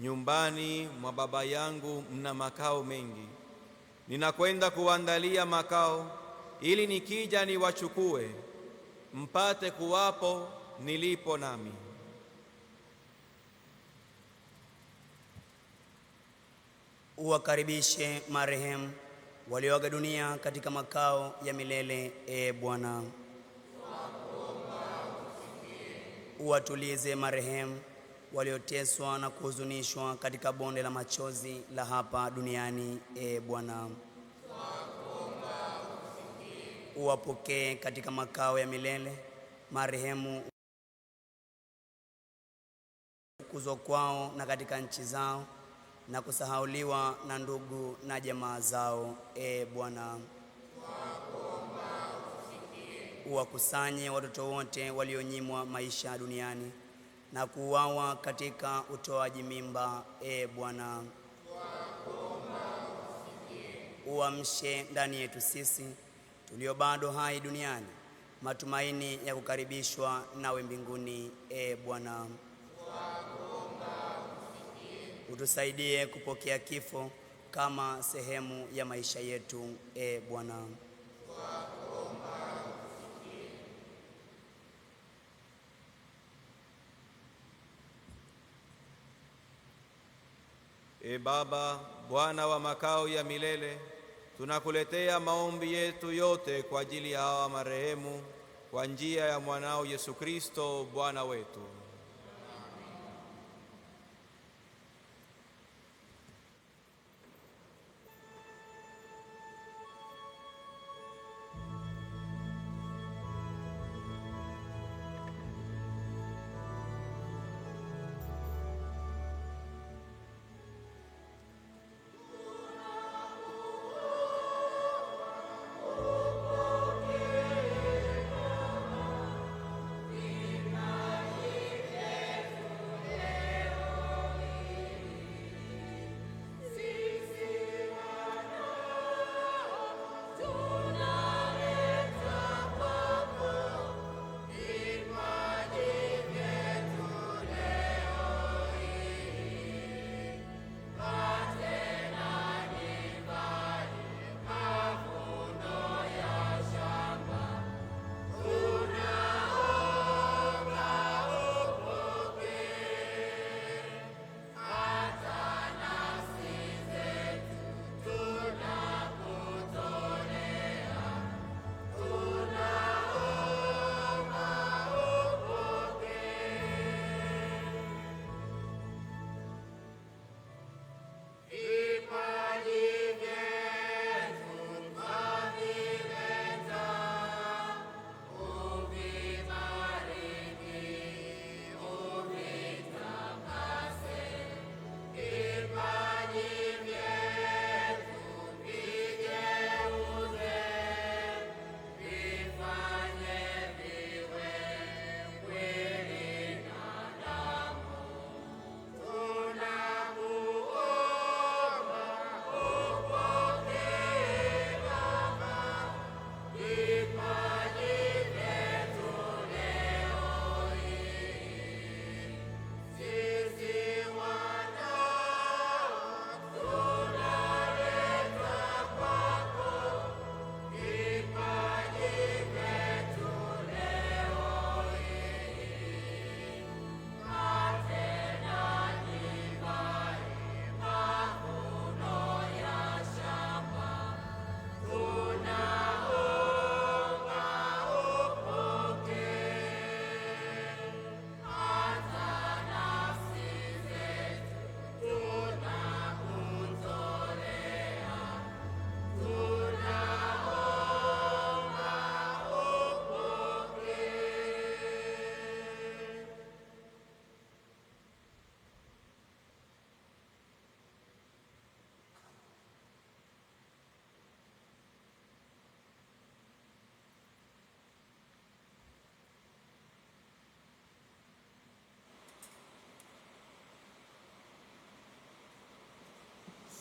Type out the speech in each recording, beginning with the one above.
Nyumbani mwa Baba yangu mna makao mengi, ninakwenda kuandalia makao, ili nikija niwachukue, mpate kuwapo nilipo nami. Uwakaribishe marehemu walioaga dunia katika makao ya milele. E Bwana, uwatulize marehemu walioteswa na kuhuzunishwa katika bonde la machozi la hapa duniani. E Bwana, uwapokee katika makao ya milele marehemu kuzwa kwao na katika nchi zao na kusahauliwa na ndugu na jamaa zao. E Bwana, uwakusanye watoto wote walionyimwa maisha duniani na kuuawa katika utoaji mimba. E Bwana, uamshe ndani yetu sisi tulio bado hai duniani matumaini ya kukaribishwa nawe mbinguni. E Bwana, utusaidie kupokea kifo kama sehemu ya maisha yetu. E Bwana. E Baba, Bwana wa makao ya milele, tunakuletea maombi yetu yote kwa ajili ya hawa marehemu, kwa njia ya mwanao Yesu Kristo Bwana wetu.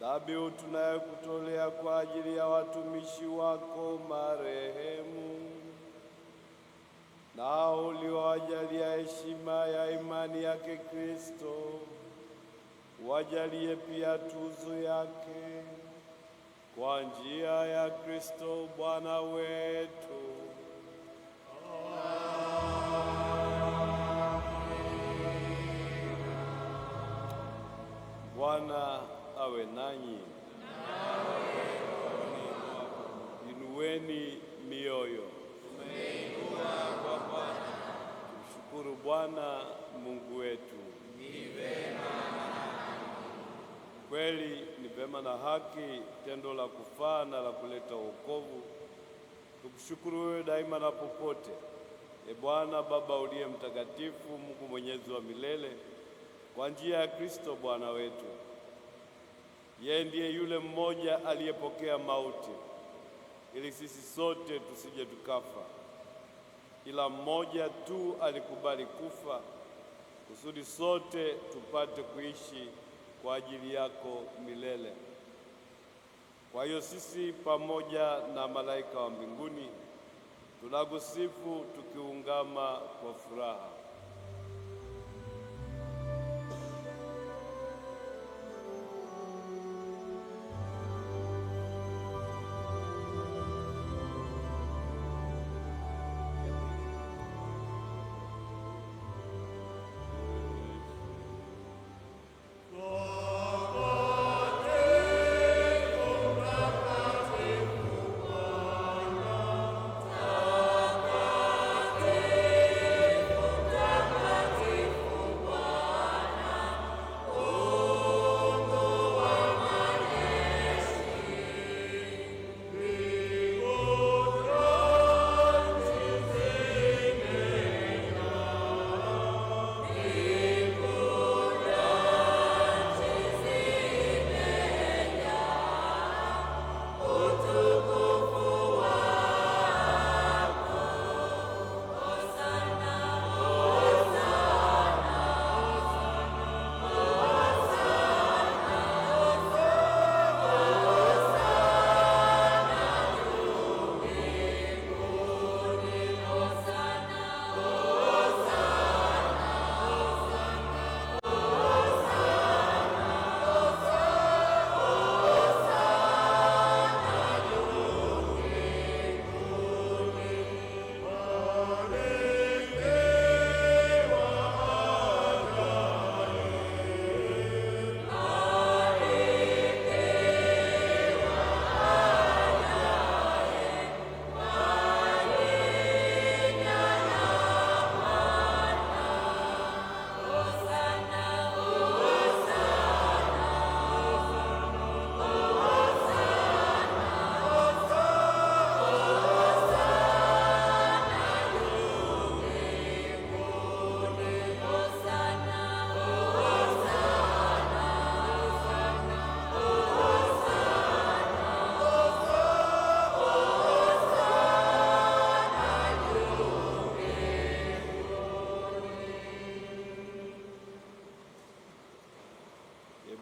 dhabihu tunayokutolea kwa ajili ya watumishi wako marehemu, nao uliowajalia heshima ya imani yake Kristo, wajalie pia tuzo yake kwa njia ya Kristo Bwana wetu. Amina. Bwana awe nanyi. Inueni mioyo. Tumshukuru Bwana Mungu wetu. Kweli ni vema na haki, tendo la kufaa na la kuleta wokovu. Tukushukuru wewe daima na popote, e Bwana Baba uliye mtakatifu, Mungu mwenyezi wa milele, kwa njia ya Kristo Bwana wetu yeye ndiye yule mmoja aliyepokea mauti ili sisi sote tusije tukafa. Kila mmoja tu alikubali kufa kusudi sote tupate kuishi kwa ajili yako milele. Kwa hiyo sisi pamoja na malaika wa mbinguni tunakusifu tukiungama kwa furaha.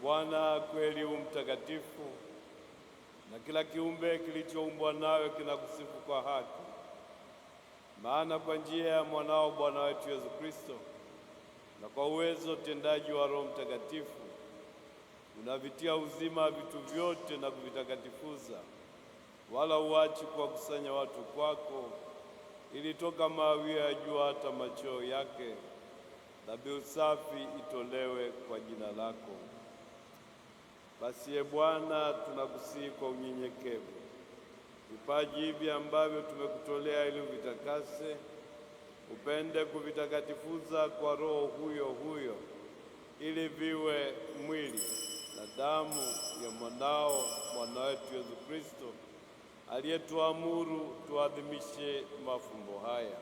Bwana kweli u mtakatifu, na kila kiumbe kilichoumbwa nawe kinakusifu kwa haki. Maana kwa njia ya mwanao Bwana wetu Yesu Kristo na kwa uwezo utendaji wa Roho Mtakatifu unavitia uzima vitu vyote na kuvitakatifuza, wala uachi kuwakusanya watu kwako, ili toka mawio ya jua hata machweo yake dhabihu safi itolewe kwa jina lako. Basi e Bwana, tunakusihi kwa unyenyekevu vipaji hivi ambavyo tumekutolea ili uvitakase, upende kuvitakatifuza kwa Roho huyo huyo, ili viwe mwili na damu ya mwanao mwana wetu Yesu Kristo, aliyetuamuru tuadhimishe mafumbo haya.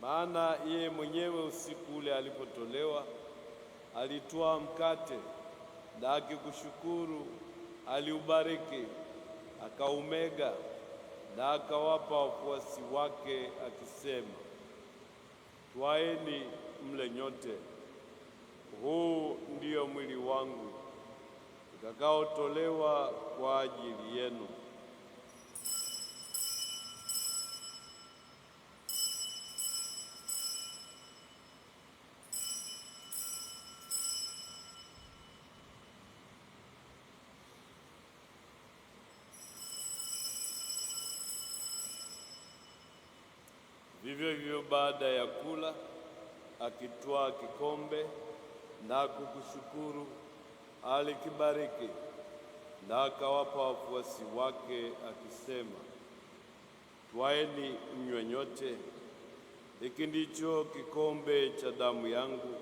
Maana yeye mwenyewe usiku ule alipotolewa, alitwaa mkate na akikushukuru aliubariki, akaumega na akawapa wafuasi wake akisema, twaeni mle nyote, huu ndiyo mwili wangu utakaotolewa kwa ajili yenu. Vivyo hivyo baada ya kula akitwaa kikombe na kukushukuru, alikibariki na akawapa wafuasi wake akisema, twaeni mnywe nyote, hiki ndicho kikombe cha damu yangu,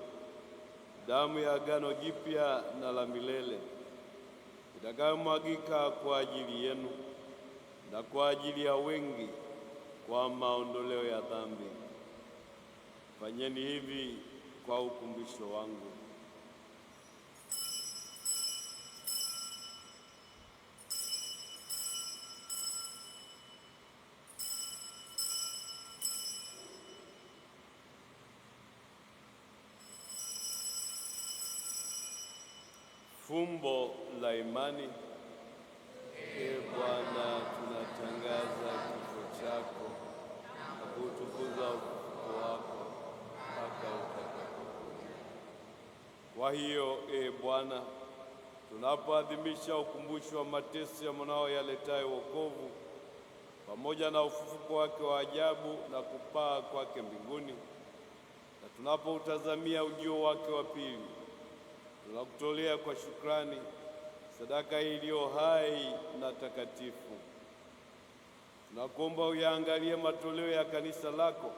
damu ya agano jipya na la milele, itakayomwagika kwa ajili yenu na kwa ajili ya wengi kwa maondoleo ya dhambi. Fanyeni hivi kwa ukumbusho wangu. Fumbo la imani. Kwa hiyo e Bwana, tunapoadhimisha ukumbusho wa mateso ya mwanao yaletayo wokovu pamoja na ufufuko wake wa ajabu na kupaa kwake mbinguni, na tunapoutazamia ujio wake wa pili, tunakutolea kwa shukrani sadaka iliyo hai na takatifu. Tunakuomba uyaangalie matoleo ya kanisa lako,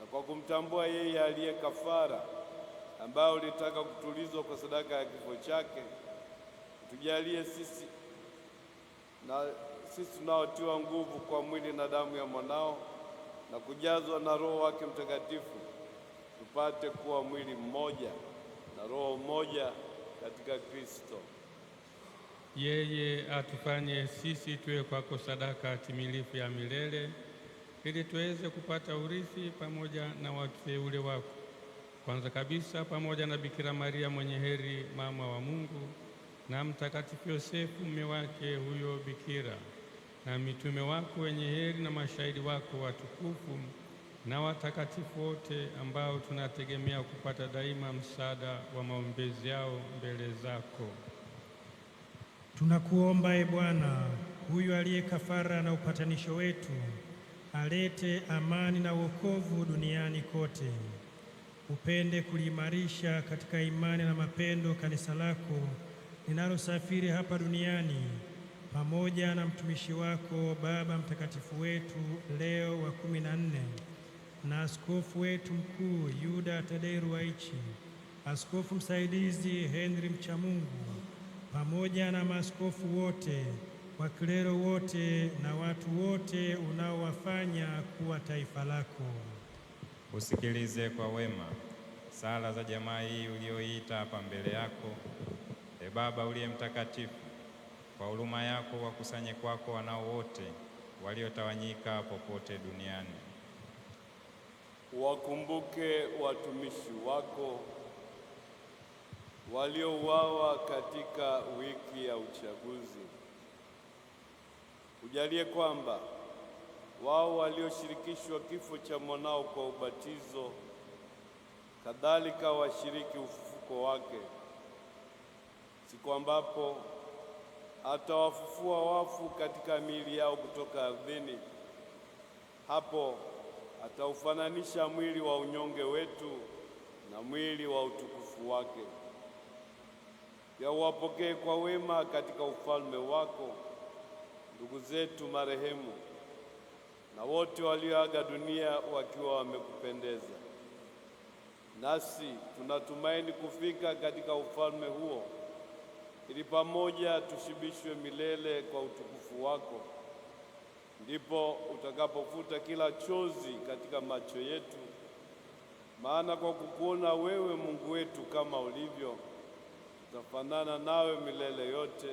na kwa kumtambua yeye aliye kafara ambao ulitaka kutulizwa kwa sadaka ya kifo chake, tujalie sisi na sisi tunaotiwa nguvu kwa mwili na damu ya mwanao na kujazwa na Roho wake Mtakatifu, tupate kuwa mwili mmoja na roho mmoja katika Kristo. Yeye atufanye sisi tuwe kwako sadaka timilifu ya milele ili tuweze kupata urithi pamoja na wateule wako kwanza kabisa pamoja na Bikira Maria mwenye heri mama wa Mungu na Mtakatifu Yosefu mume wake huyo bikira na mitume wako wenye heri na mashahidi wako watukufu na watakatifu wote ambao tunategemea kupata daima msaada wa maombezi yao mbele zako. Tunakuomba e Bwana, huyu aliye kafara na upatanisho wetu, alete amani na wokovu duniani kote upende kuliimarisha katika imani na mapendo kanisa lako linalosafiri hapa duniani pamoja na mtumishi wako Baba Mtakatifu wetu Leo wa kumi na nne na askofu wetu mkuu Yuda Tadei Ruwa'ichi, askofu msaidizi Henry Mchamungu, pamoja na maaskofu wote, waklero wote na watu wote unaowafanya kuwa taifa lako usikilize kwa wema sala za jamaa hii ulioiita hapa mbele yako, e Baba uliye mtakatifu, kwa huruma yako wakusanye kwako wanao wote waliotawanyika popote duniani. Wakumbuke watumishi wako waliouawa katika wiki ya uchaguzi, ujalie kwamba wao walioshirikishwa kifo cha mwanao kwa ubatizo, kadhalika washiriki ufufuko wake, siku ambapo atawafufua wafu katika miili yao kutoka ardhini. Hapo ataufananisha mwili wa unyonge wetu na mwili wa utukufu wake, pia uwapokee kwa wema katika ufalme wako ndugu zetu marehemu na wote walioaga dunia wakiwa wamekupendeza. Nasi tunatumaini kufika katika ufalme huo, ili pamoja tushibishwe milele kwa utukufu wako. Ndipo utakapofuta kila chozi katika macho yetu, maana kwa kukuona wewe Mungu wetu kama ulivyo, tutafanana nawe milele yote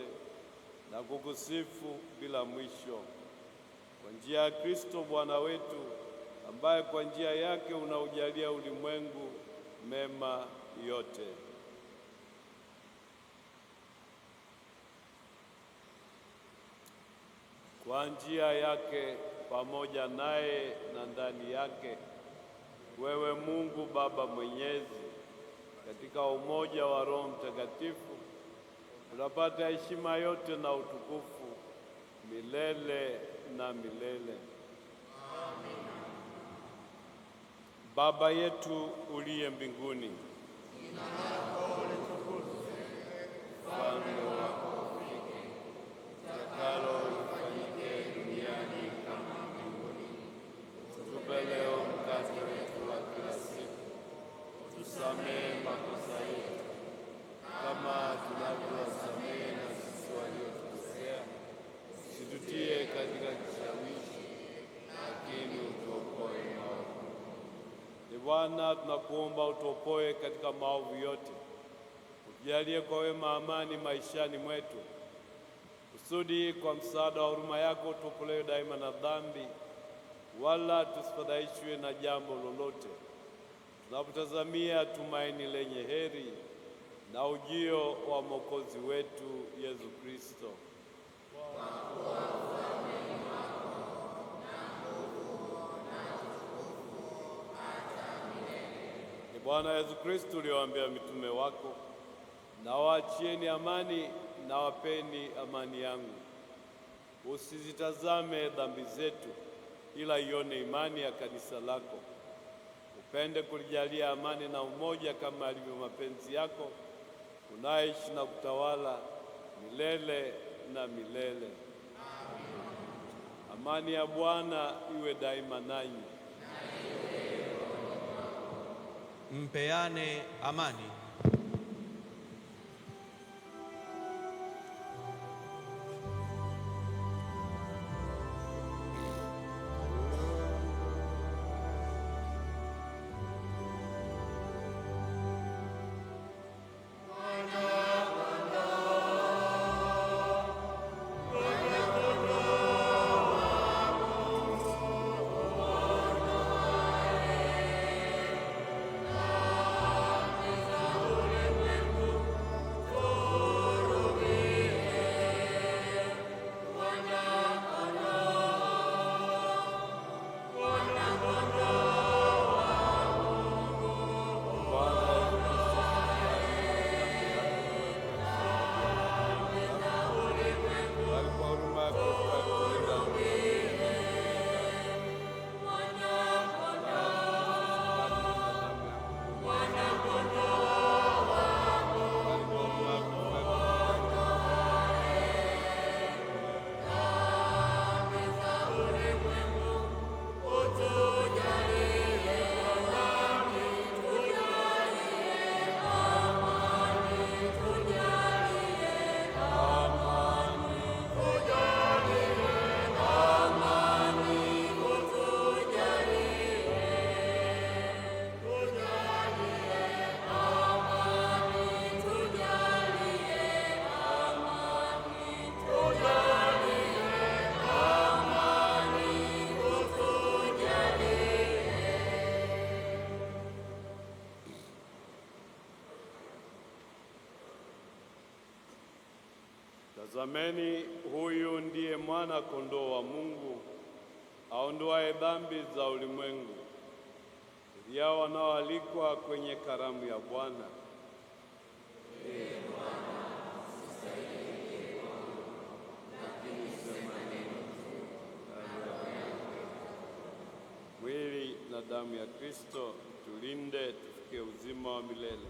na kukusifu bila mwisho kwa njia ya Kristo Bwana wetu, ambaye kwa njia yake unaujalia ulimwengu mema yote. Kwa njia yake, pamoja naye na ndani yake, wewe Mungu Baba Mwenyezi, katika umoja wa Roho Mtakatifu, unapata heshima yote na utukufu milele na milele. Amina. Baba yetu uliye mbinguni, jina lako litukuzwe Bwana, tunakuomba utuokoe katika maovu yote, utujalie kwa wema amani maishani mwetu, kusudi kwa msaada wa huruma yako tuokolewe daima na dhambi, wala tusifadhaishwe na jambo lolote, tunapotazamia tumaini lenye heri na ujio wa Mwokozi wetu Yesu Kristo. Bwana Yesu Kristo uliwaambia mitume wako, na waachieni amani na wapeni amani yangu. Usizitazame dhambi zetu, ila ione imani ya kanisa lako, upende kulijalia amani na umoja kama alivyo mapenzi yako, unaishi na kutawala milele na milele. Amani ya Bwana iwe daima nanyi. mpeane amani. Tazameni, huyu ndiye mwana kondoo wa Mungu aondoaye dhambi za ulimwengu. Ya wanaoalikwa kwenye karamu ya Bwana. Mwili na damu ya Kristo tulinde, tufikie uzima wa milele.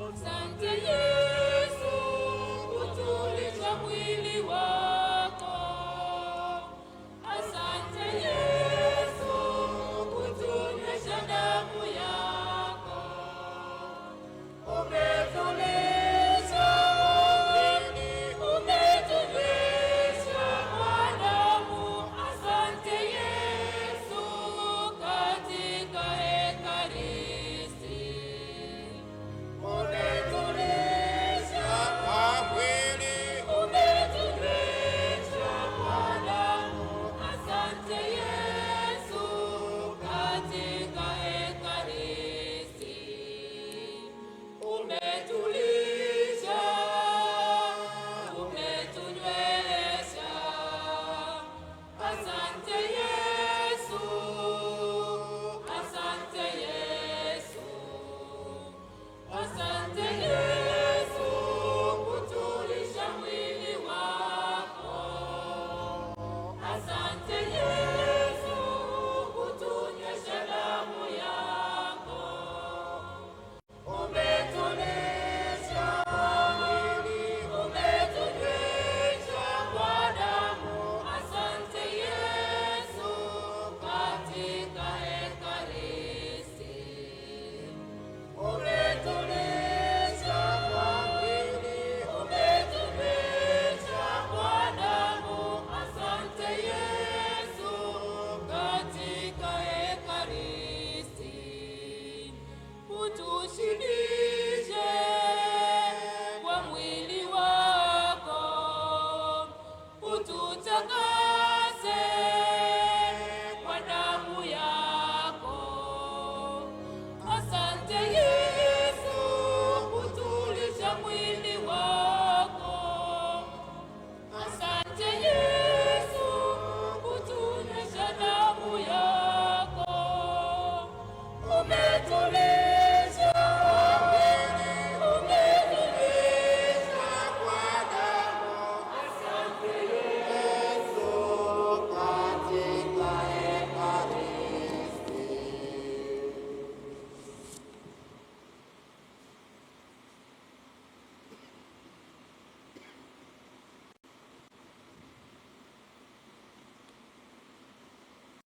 Santa